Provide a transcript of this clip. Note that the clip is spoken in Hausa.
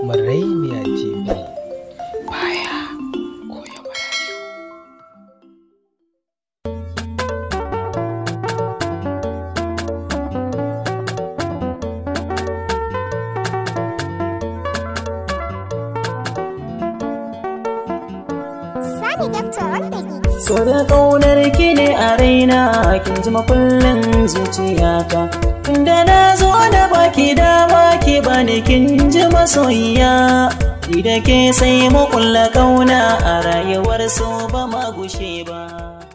Maraimiya TV baya koya marayu. So da ƙaunar ki ne a raina kin ji makullin zuciyata, inda na zo da baki dama ki bani kin masoyiya idan ke sai mu kulla kauna a rayuwar su ba magushe ba